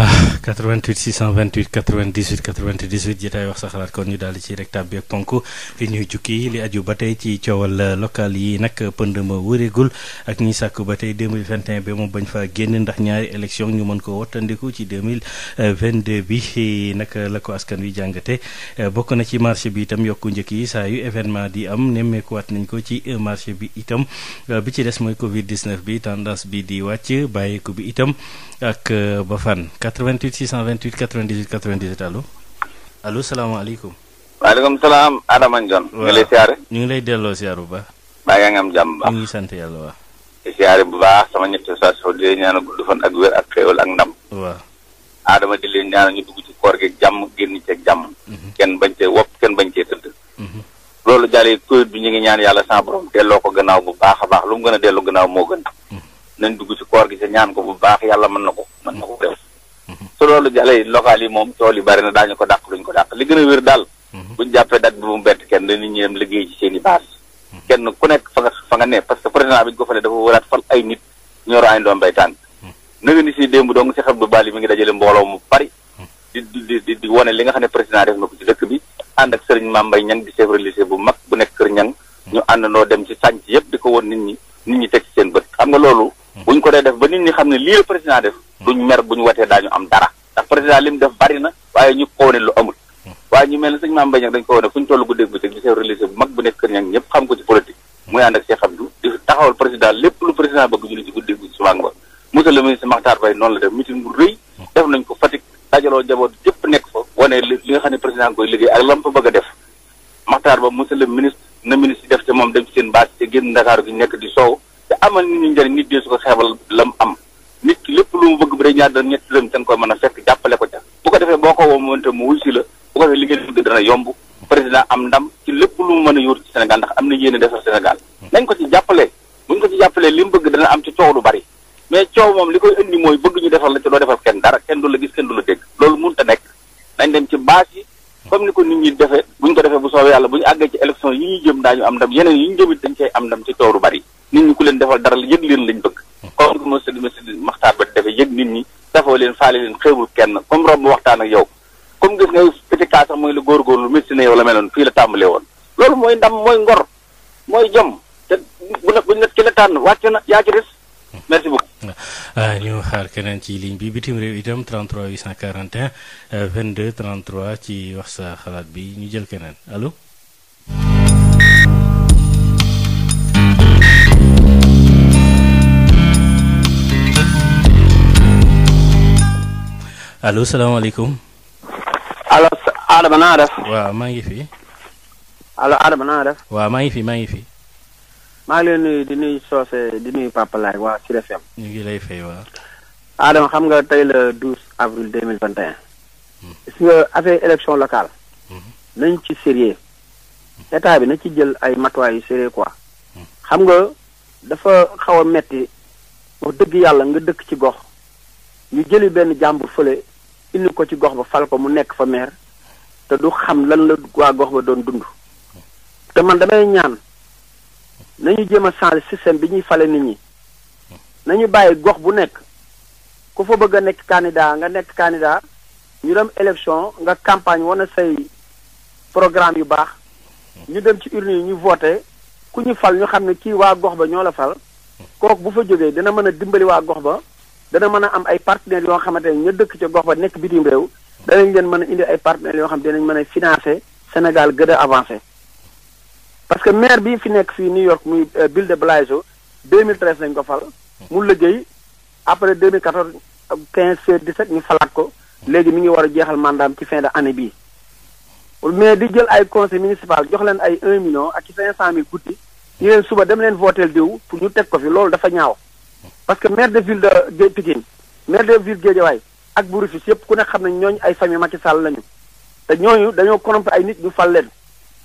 ah 88 628 98 98 jotaay wax sa xalaat kon ñu daal di ci rek tàbbi ak ponk fi ñuy jukki li aju ba tey ci coowal local yi nag pënd ma wëreegul ak ñi sàkk ba tey 2021 ba moom bañ faa génn ndax ñaari élection ñu mën ko wattandiku ci 2022 bi nag la ko askan wi jàngate bokk na ci marché bi itam yokku njëkk yi saa yu événement di am nemmeekuwaat nañ ko ci marché bi itam bi ci des mooy Covid 19 bi tendance bi di wàcc bàyyeeku bi itam ak ba fan. 88 628 98 98 allo. allo salaamaaleykum. waaleykum salaam Adama Ndione. waaw nga lay siyaare. ñu ngi lay delloo siyaar bu baax. baa ngi am jàmm bu baax ñu ngi sant yàlla waaw. di siyaare bu baax sama ñetti station di leen ñaanal gudd fan ak wér ak xéewal ak ndam. waaw. Adama di leen ñaanal ñu dugg ci koor gi jàmm génn ci jàmm. Mhm. kenn bañ cee wopp kenn bañ cee tëdd. Mhm. loolu jàllee Covid bi ñu ngi ñaan yàlla sans delloo ko gannaaw bu baax a baax lu mu gën a dellu gannaaw moo gën. Mhm. nañ dugg ci koor gi sa ñaan ko bu baax yàlla mën na ko su loolu jàllee local yi moom tool yi bari na daañu ko dàq duñ ko dàq li gën a wér daal. Mhm. buñ jàppee date bi mu bett kenn dañu ñëw liggéey ci seen i mhm. kenn ku nekk fa nga fa nga ne parce que président bi ñu ko falee dafa wëraat fal ay nit ñoro añ doom bay tànk mhm. nga ni si démb dong baal yi mi ngi dajale mbooloo mu bari di di di di wane li nga xam ne président def na ko ci dëkk bi ànd ak sëriñ Mame Mbaye Niang di chef religieux bu mag bu nekk Kër Niang ñu àndandoo dem ci sànc yëpp di ko woon nit ñi nit ñi teg ci seen bët xam nga loolu buñ ko dee def ba nit ñi xam ne lii président def duñ mer buñ watee daañu am dara ndax président li mu def bari na waaye ñu ko wane lu amul waaye ñu mel ne sëñ Mame Mbaye Niang dañ ko wane fu ñu toll guddeeg bëccëg di chef religieux bu mag bu nekk kër ñang ñëpp xam ko ci politique muy taxawal président lépp lu président bëgg ñu ne ci guddeeg bëccëg subaa ngoon monsieur le ministre Makhtar Faye noonu la def meeting bu rëy def nañ ko Fatick dajaloo njaboot yëpp nekk fa wane li nga xam ne président koy liggéey ak lam fa bëgg a def Makhtar ba monsieur def te moom dem ci seen baas te nekk di soow te amal nit ñu njëriñ bu dee ñetti dërëm da nga koy mën a fekk jàppale ko ca bu ko defee boo ko woo mënta mu wuy si la bu ko defee li mu bëgg bëgg ñu defar ko nit ñi nit ñi safoo leen faale leen xeebul kenn comme romb waxtaan ak yow comme gis nga efficace sax mooy la góorgóorlu métti na yow la meloon fii la tàmbalee woon loolu mooy ndam mooy ngor mooy jom te bu na buñ ki la tànn wàcc na yaa ci des merci beaucoup. Ah, ñu xaar keneen ci ligne bi bitim réew itam 33 841 22 33 ci wax sa xalaat bi ñu jël keneen allo. allo salaamaaleykum. allo Adama naa def. waaw maa ngi fi. allo Adama naa def. waa maa ngi fi maa ngi fi. maa ngi leen nuyu di nuyu Socé di nuyu Papa waa ñu ngi lay fay waaw. Adama xam nga tey la 12 avril 2021. Hmm. gis nga affaire élection locale. Hmm. nañ ci sérieux. Hmm. état bi na ci jël ay matuwaay yu sérieux quoi. xam nga dafa xaw a metti wax dëgg yàlla nga dëkk ci gox. ñu jëli benn jàmbur fële indi ko ci gox ba fal ko mu nekk fa maire te du xam lan la waa gox ba doon dund te man damay ñaan nañu jéem a changer système bi ñuy fale nit ñi nañu bàyyi gox bu nekk ku fa bëgg a nekk candidat nga nekk candidat ñu dem élection nga campagne wane say programme yu baax ñu dem ci urne yi ñu voté ku ñu fal ñu xam ne kii waa gox ba ñoo la fal kooku bu fa jógee dina mën a dimbali waa gox ba dana mën a am ay partenaires yoo xamante ne ñu dëkk ca gox ba nekk bitim réew danañ leen mën a indi ay partenaires yoo xam dinañ mën a financer Sénégal gën a avancé parce que maire bii fi nekk fii New York muy euh, Bill de mille 2013 lañ ko fal mu liggéey après 2014 15 16 17 ñu falaat ko léegi mi ngi war a jeexal mandaam ci fin de année bii mais di jël ay conseil municipal jox leen ay 1 million ak ci 500 000 guddi ñu leen suba dem leen votel diw pour ñu teg ko fi loolu dafa ñaaw parce que maire de ville de Pikine maire de ville Guédiawaye ak bu Rufisque yëpp ku ne xam nañ ñooñu ay famille Macky Sall lañu te ñooñu dañoo corrompre ay nit ñu fal leen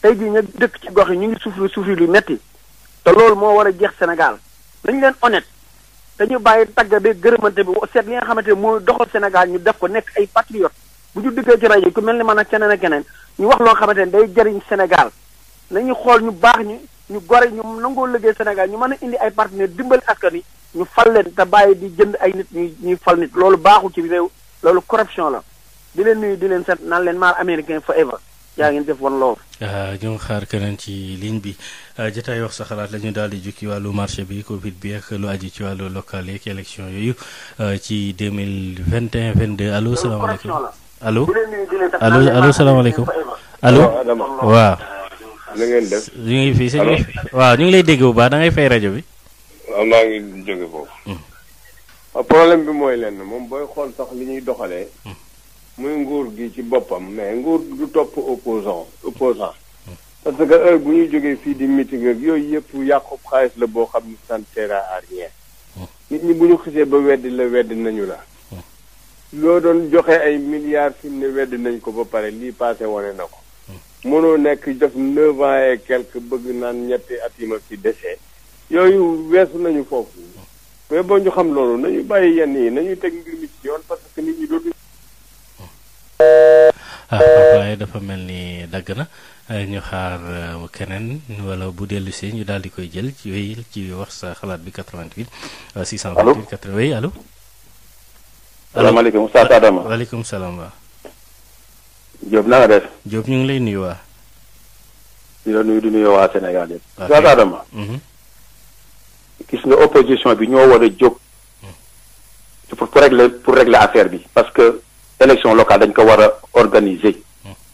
tey jii ña dëkk ci gox yi ñu ngi souffrir souffrir lu metti te loolu moo war a jeex Sénégal nañu leen honnête te ñu bàyyi tagg bi gërëmante bi seet li nga xamante ne mooy doxal Sénégal ñu def ko nekk ay patriote bu ñu diggee ci rajo ku mel ni man ak keneen ak keneen ñu wax loo xamante ne day jëriñ Sénégal nañu xool ñu baax ñu ñu gore ñu nangoo liggéey Sénégal ñu mën a indi ay partenaires dimbali askan yi ñu fal leen te bàyyi di jënd ak nit ñuy fal nit loolu baaxul ci réew loolu corruption la di leen nuyu di leen sant naan leen maar américain forever yaa ngeen def wan lool. ñu xaar keneen ci ligne bi ah, jotaay wax sa xalaat la ñu daal di jukki wàllu marché bi Covid bi ak lu aji ci wàllu local yeeg élection yooyu ah, ci deux mille vingt et un vingt deux allo salaamaaleykum allo allo allo salaamaaleykum allo waaw. na ngeen def ñu ngi fi sëñ waaw ñu ngi lay dégg bu baax da ngay fay rajo bi. waaw maa ngi jóge foofu. Hmm. Ah, problème bi mooy lenn moom booy xool sax li ñuy doxalee. Hmm. muy nguur gi ci boppam mais nguur du topp opposant opposant hmm. parce que heure bu ñuy jógee fii di meeting yooyu yëpp yàqu xaalis la boo xam ne ça ne sert nit ñi bu ñu xisee ba weddi la weddi nañu la. loo doon joxe ay milliards fi mu ne weddi nañ ko ba pare lii passé wane na ko. mënoo nekk def neuf ans quelque bëgg naan ñetti at yi ma fi desee yooyu weesu nañu foofu mais boo ñu xam loolu nañu bàyyi yenn yi nañu teg mbir mi ci yoon parce nit ñi dootu ah waaye dafa mel ni dagg na euh, keneen wala bu dellusee ñu daal di koy jël ci wéy wax sa xalaat bi 88 628 80 allo salaamaaleykum Oustaz Adama waaleykum salaam waa Diop na nga def ñu ngi lay nuyu waa di la nuyu di nuyu waa Sénégal yëpp Oustaz Adama mm-hmm. gis nga opposition bi ñoo war a jóg pour pour régler pour régler affaire bi parce que élection locale dañ ko war a organiser.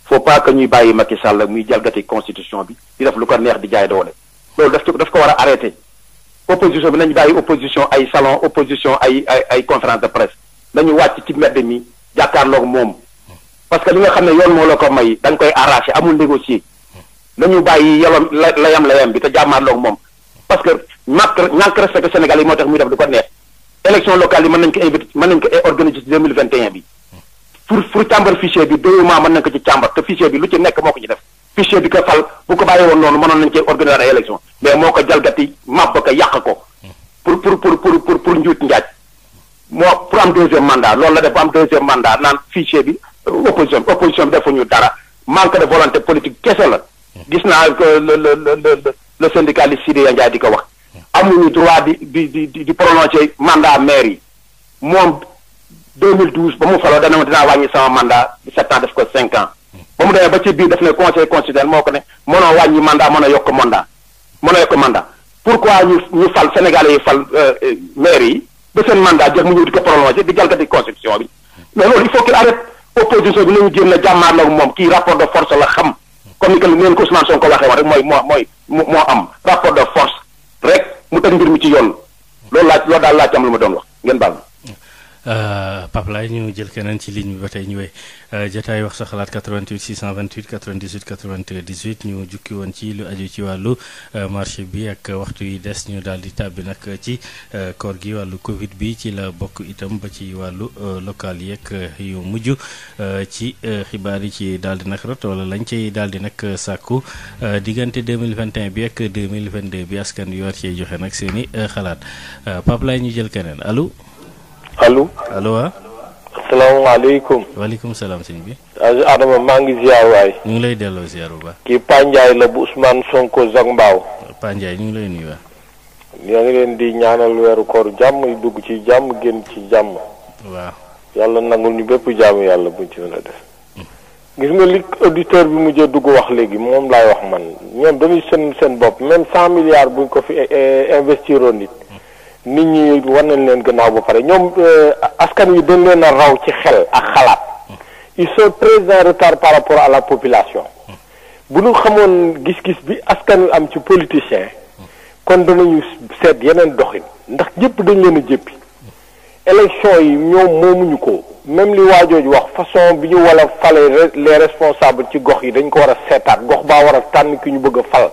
faut pas que ñuy bàyyi Macky Sall muy jalgati constitution bi di def lu ko neex di jaay doole loolu daf ko daf ko war a arrêté opposition bi nañu bàyyi opposition ay salon opposition ay ay ay conférence de presse nañu wàcc ci mbedd mi jàkkaarloog moom parce que li nga xam ne yoon moo la ko may da nga koy arraché amul négocier nañu bàyyi yalom layam layam bi te jàmmaarloog moom parce que ñàkk ñàkk respecté Sénégal yi moo tax muy def lu ko neex élection locale yi mën nañ ko invité mën nañ ko organiser ci 2021 bi pour pour càmbar fichier bi deux mois mën nañ ko ci càmbar te fichier bi lu ci nekk moo ko ci def fichier bi ko fal bu ko bàyyi woon noonu mënoon nañ cee organiser ay mais moo ko jalgati màbb ko yàq ko pour pour pour pour pour pour njuut njaaj moo pour am deuxième mandat loolu la def bu am deuxième mandat naan fichier bi euh, opposition opposition de gis naa le le le syndicaliste Sidya Ndiaye di ko wax. amuñu droit di di di di prolonger mandat maire yi moom 2012 ba mu faloo dana ma dinaa wàññi sama mandat di sept ans def ko cinq ans. ba mu demee ba ci biir daf ne conseil constitutionnel moo ko ne mënoo wàññi mandat mën a yokk mandat mën a yokk mandat pourquoi ñu ñu fal sénégalais yi fal euh, maire yi ba seen mandat jeex mu ñëw di ko prolonger di jalgati constitution bi mais loolu il faut qu'il arrête opposition bi nañu jéem na jàmmaarloo ak la xam. comme ni que leen ko Ousmane Sonko waxee woon rek mooy moo mooy moo am rapport de force rek mu teg mbir mi ci yoon loolu laaj loolu daal laaj ci lu ma doon wax ngeen baal Euh, Pape Laye ñu jël keneen ci ligne bi ba tey ñu euh, wéy jotaay wax sa xalaat 88 628 98 98 ñu jukki woon ci lu aju ci wàllu euh, marché bi ak waxtu yi des ñu daal di tàbbi nag ci koor gi wàllu Covid bi ci la bokk itam ba ci wàllu local yeeg yu mujj ci xibaar yi ci daal di nag rot lañ ci daal di nag sàkku diggante 2021 bi ak 2022 bi askan yu war cee joxe nag seen i xalaat Pape Laye ñu jël keneen allo. allo allo waaw. Ah. salaamaaleykum. waaleykum salaam sëñ bi. Adama maa ngi ziar waay. ñu ngi lay delloo ziar bu baax. kii Paa la bu Ousmane Sonko Zac Mbao. Paa Ndiaye ñu ngi lay nuyuwaat. Ah. ñoo ngi leen di ñaanal weeru koor jàmm yu dugg ci jàmm génn ci jàmm. waaw. yàlla nangul ñu bépp jàmm yàlla buñ ci mën a def. Mm. gis nga li auditeur bi mujjee dugg wax léegi moom laay wax man ñoom dañuy seen seen bopp même cent milliards buñ ko fi eh, eh, investiroon it nit ñi war nañ leen gannaaw ba pare ñoom euh, askan wi dañ leen a raw ci xel ak xalaat ils sont très retard par rapport à la population bu ñu xamoon gis-gis bi askan wi am ci politicien kon danañu seet yeneen doxin ndax jëpp dañ leen a jëppi élection yi ñoom moomuñu ko même li waajooju wax façon bi ñu war a fale les responsables ci gox yi dañ ko war a seetaat gox baa war a tànn ki ñu bëgg a fal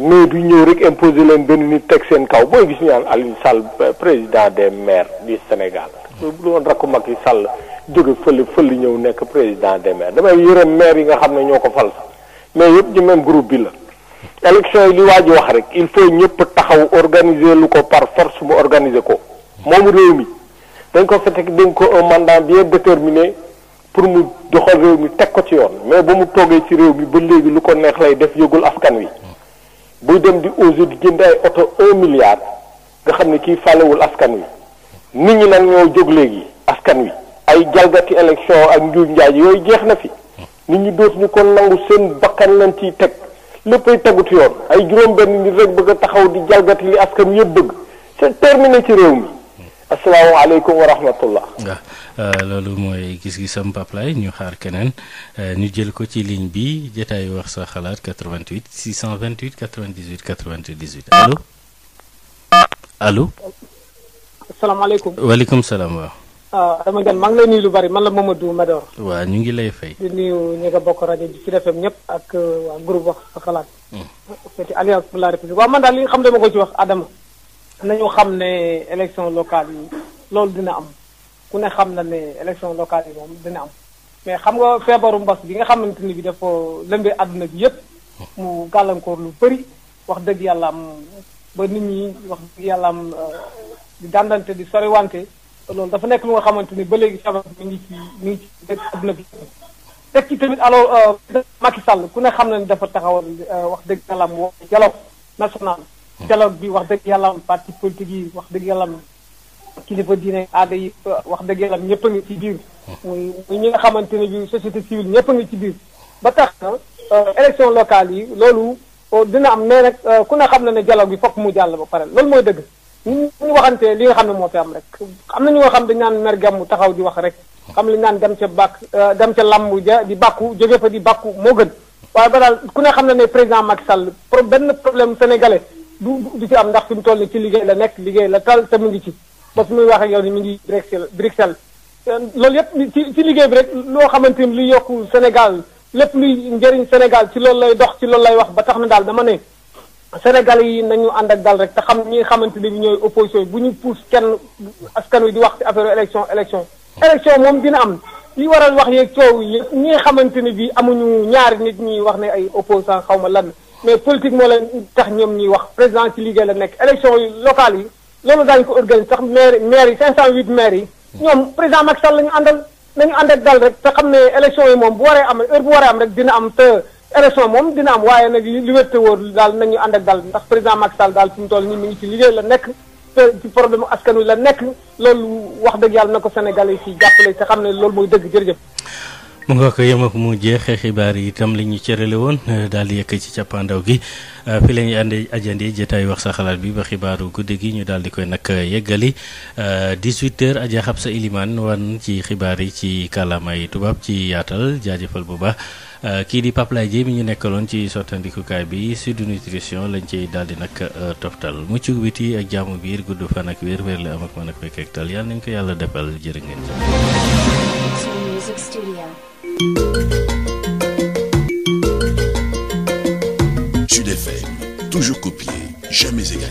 mais du ñëw rek imposer leen benn nit teg seen kaw booy gis ñaan naan Aliou président de maire du Sénégal lu doon mag yi Sall jóge fële fële ñëw nekk président des maires damay yërëm maire yi nga xam ne ñoo ko fal mais yëpp ci même groupe bi la. élection yi li waa ji wax rek il faut ñëpp taxaw organiser lu ko par force mu organiser ko moom réew mi dañ ko fekk dañ ko un mandat bien déterminé pour mu doxal réew mi teg ko ci yoon mais ba mu toogee ci réew mi ba léegi lu ko neex lay def yëgul askan wi. buy dem di osé di jënd ay oto un milliard nga xam ne kii fàllewul askan wi nit ñi nag ñoo jóg léegi askan wi ay jalgati élection ak njuuj njaaj yooyu jeex na fi nit ñi dootuñu ko nangu seen bakkan lañ ciy teg léppay tegut yoon ay juróom benn nit rek bëgg a taxaw di jalgati li askan wi yëpp bëgg c'est terminé ci réew mi asalaamaaleykum wa rahmatullah. waaw euh, loolu mooy gis-gisam Pape Laye ñu xaar keneen euh, ñu jël ko ci ligne bi jotaayu wax sa xalaat 88 628 98 98 allo allo. asalaamaaleykum waaleykum salaam waaw. waaw ah, dama gan maa ngi lay nuyu lu bari man la Mamadou Medor. waaw ñu ngi lay fay. di nuyu ñi ak euh, waa groupe wax sa xalaat. Mm. Alliance pour la République waaw man daal li xam ne ma ko ci wax Adama. nañu xam ne élection locale yi loolu dina am ku ne xam na ne élection locale yi moom dina am mais xam nga feebaru mbas bi nga xamante ni bi dafa lëmbee àdduna bi yépp mu gàllankoor lu bëri wax dëgg yàlla am ba nit wax dëgg yàlla am euh, di dàndante di soriwante loolu dafa nekk lu nga xamante ni ba léegi feebar mi ngi ci mi ngi ci àdduna bi teg ci tamit alors euh, Macky Sall ku ne xam na ni dafa taxawal euh, wax dëgg yàlla am woo national dialogue bi wax dëgg yàlla parti politique yi wax dëgg yàlla kilifa diine aada yi wax dëgg yàlla ñëpp a ci biir. muy muy ñi nga xamante ne bi société civile ñëpp ci biir. ba tax na euh, élection locale yi loolu euh, dina am mais nag euh, ku ne xam na ne dialogue bi fokk mu jàll ba pare loolu mooy dëgg. ñu ñu waxantee li nga xam ne moo fi am rek am na ñu nga xam dañ naan mer gàmm taxaw di wax rek xam li naan dem ca bàkk dem ca làmb ja di bàkku jóge fa di bàkku moo gën waaye ba daal ku ne xam na président Macky Sall pro benn problème sénégalais du du ci am ndax fi mu toll ci liggéey la nekk liggéey la tal te mu ngi ci ba fi muy wax ak yow ni mu ngi Bruxelles Bruxelles euh, loolu yépp ci ci liggéey bi rek loo xamante ni luy yokk Sénégal lépp luy njëriñ Sénégal ci loolu lay dox ci loolu lay wax ba tax na daal dama ne Sénégal yi nañu ànd ak daal rek te xam ñi nga xamante ne ñooy opposition yi bu ñu pousse kenn askan wi di wax ci affaire élection élection élection moom dina am li waral wax yeeg coow yi ñi nga xamante ne bii amuñu ñaari nit ñuy wax ne ay opposant xaw ma lan mais politique moo leen tax ñoom ñuy wax président ci liggéey la nekk élection locale yi loolu daañu ko organiser sax maire maire yi 508 maire yi. ñoom président Macky Sall la ñu àndal nañu ànd ak te xam ne élection yi moom bu waree am heure bu waree am rek dina am te élection moom dina am waaye nag li wér te daal nañu ànd ak dal ndax président Macky Sall daal fi mu toll nii mi ngi ci liggéey la nekk. te ci problème askan la nekk loolu wax dëgg yàlla na ko Sénégal yi ci jàppale te xam ne loolu mooy jër jërëjëf. mu nga ko yem ak mu jeexee xibaar yi itam li ñu cërale woon eh, daal di yëkk ci cappaandaw gi eh, fi la ñuy ànd ajandi jotaay wax sa xalaat bi ba xibaaru guddi gi ñu daal di koy nag eh, yeggali 18h Adja sa Ilimaan wan ci xibaar yi ci kàllaamay tubaab ci yaatal jaajëfal bu baax. kii di Pape Laye Dieye mi ñu nekkaloon ci sottandikukaay bi Sud Nutrition lañ ciy daal di nag toftal mucc biti ak jaamu biir gudd fan ak wér wér la am ak mën ak wekkeek tal yàlla nañ ko yàlla defal jërë Sud FM, toujours copié, jamais égalé.